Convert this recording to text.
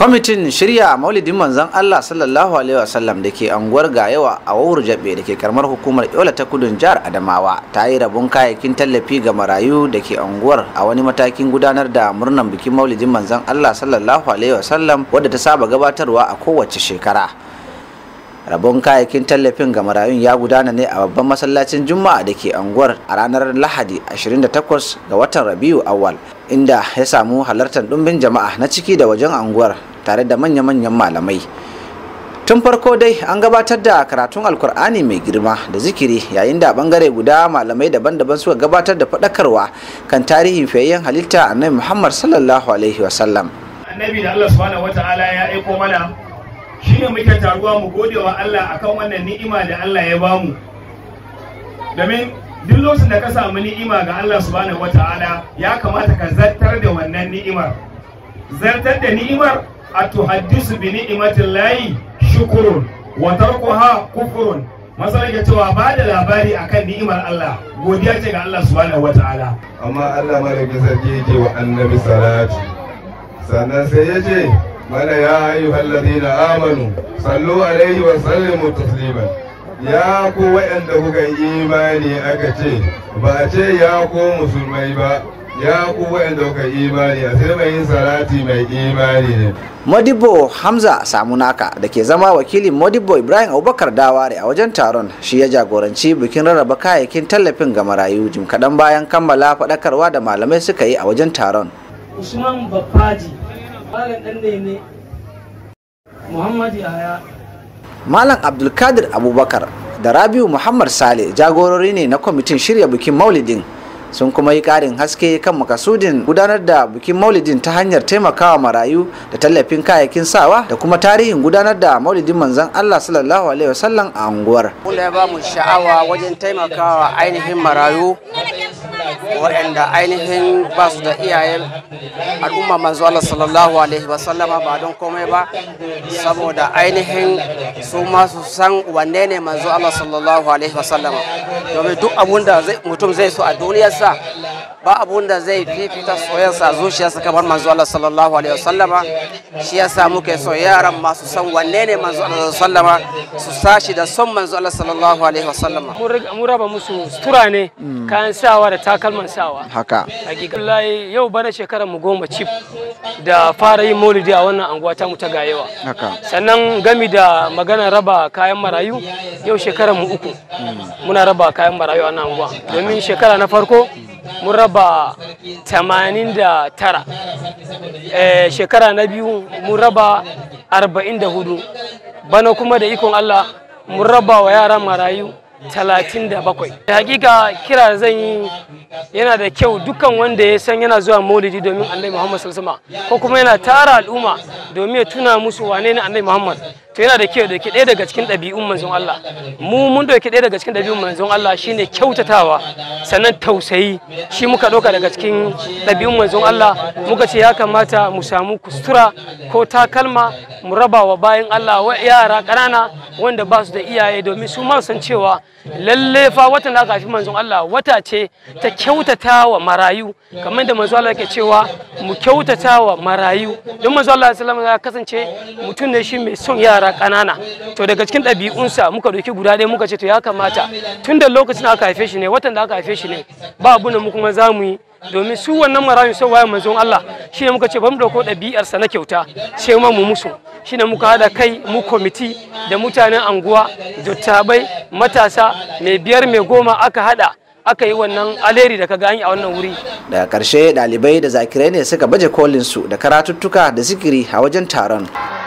kwamitin shirya maulidin manzon allah sallallahu alaihi wasallam da ke anguwar gayawa a wawur jabe da ke karamar hukumar yola ta kudun jihar adamawa ta yi rabon kayakin tallafi ga marayu da ke anguwar a wani matakin gudanar da murnar bikin maulidin manzon allah sallallahu alaihi wasallam wadda ta saba gabatarwa a kowace shekara rabon kayayyakin tallafin ga marayun ya gudana ne a babban masallacin juma'a da ke anguwar a ranar lahadi 28 ga watan rabiu awal inda ya samu halartar ɗumbin jama'a na ciki da wajen anguwar tare da manya-manyan malamai tun farko dai an gabatar da karatun alkur'ani mai girma da zikiri yayin da bangare guda malamai daban-daban suka gabatar da faɗakarwa kan tarihin fiyayyen halitta annabi muhammad sallallahu alaihi wasallam annabi da allah subhanahu ta'ala ya aiko mana shine muke taruwa mu gode wa Allah akan wannan ni'ima da Allah ya bamu domin duk lokacin da ka samu ni'ima ga Allah subhanahu wata'ala ya kamata ka zartar da wannan ni'imar zartar da ni'imar a tuhaddisu bi ni'imatin layi shukurun wa tarkuha kufurun masana ke cewa ba da labari akan ni'imar Allah godiya ce ga Allah subhanahu wata'ala amma Allah malakin sarki yake wa annabi salati sannan sai ya ce mana ya أيها الذين آمنوا sallu عليه وسلموا تسليما يا ya ku waɗanda kuka imani aka ce ba a ce ya ku musulmai ba ya ku waɗanda kuka imani a sai mai salati mai imani ne modibo hamza samunaka da ke zama wakilin modibo ibrahim abubakar daware a wajen taron shi ya jagoranci bikin rarraba kayayyakin tallafin ga marayu jim kaɗan bayan kammala faɗakarwa da malamai suka yi a wajen taron usman bafaji Malam Abdulkadir Abubakar da Rabiu Muhammad Sale jagorori ne na kwamitin shirya bikin Maulidin sun kuma yi ƙarin haske kan makasudin gudanar da bikin maulidin ta hanyar taimakawa marayu da tallafin kayayyakin sawa da kuma tarihin gudanar da maulidin manzan Allah sallallahu alaihi wasallam a unguwar. kuna ya ba mu sha'awa wajen taimakawa ainihin marayu waɗanda ainihin ba su da iyayen al'umma manzo Allah sallallahu alaihi wa sallama ba don komai ba saboda ainihin su ma su san wanne ne manzo Allah sallallahu alaihi wa sallama domin duk abun da mutum zai so a duniyarsa ba abun da zai fifita soyarsa a zuciyarsa kamar manzo Allah sallallahu alaihi wa sallama shi yasa muke so yaran masu san wanne ne manzo Allah sallallahu alaihi su sashi da son manzo Allah sallallahu alaihi wa sallama. mun raba musu sutura ne kayan sa sawa da takalman sawa haka hakikallahi yau bana shekarar mu goma cif da fara yin maulidi a wannan anguwa ta mu ta gayewa haka sannan gami da magana raba kayan marayu yau shekarar mu uku hmm. muna raba kayan marayu a nan anguwa domin shekara na farko mun raba 89 eh, shekara na biyu mun raba 44 bana kuma da ikon Allah mun raba wa yara marayu talatin da bakwai da hakika kira zan yi yana da kyau dukkan wanda ya san yana zuwa maulidi domin annabi muhammad sallallahu ko kuma yana tara al'umma domin ya tuna musu wane ne annabi muhammad to yana da kyau da ɗaya daga cikin ɗabi'un manzon Allah mu mun dauki ɗaya daga cikin ɗabi'un manzon Allah shine kyautatawa sannan tausayi shi muka ɗauka daga cikin ɗabi'un manzon Allah muka ce ya kamata mu samu kustura ko takalma mu raba wa bayan Allah wa yara ƙanana wanda ba su da iyaye domin su ma san cewa lalle fa wata na aka haifi manzon Allah wata ce ta kyautatawa marayu kamar da manzon Allah yake cewa mu kyautatawa marayu don manzon Allah sallallahu alaihi wasallam ya kasance mutum ne shi mai son yara yara ƙanana to daga cikin ɗabi'unsa muka doki guda ɗaya muka ce to ya kamata tun da lokacin aka haife shi ne watan da aka haife shi ne ba abu mu kuma za mu yi domin su wannan marayun sau waye manzon Allah shi ne muka ce ba mu ɗauko ɗabi'arsa na kyauta sai ma mu musu shi ne muka haɗa kai mu kwamiti da mutanen anguwa dattabai matasa mai biyar mai goma aka haɗa aka yi wannan aleri da kaga an a wannan wuri. Daga karshe ɗalibai da zakirai ne suka baje kolin su da karatuttuka da zikiri a wajen taron.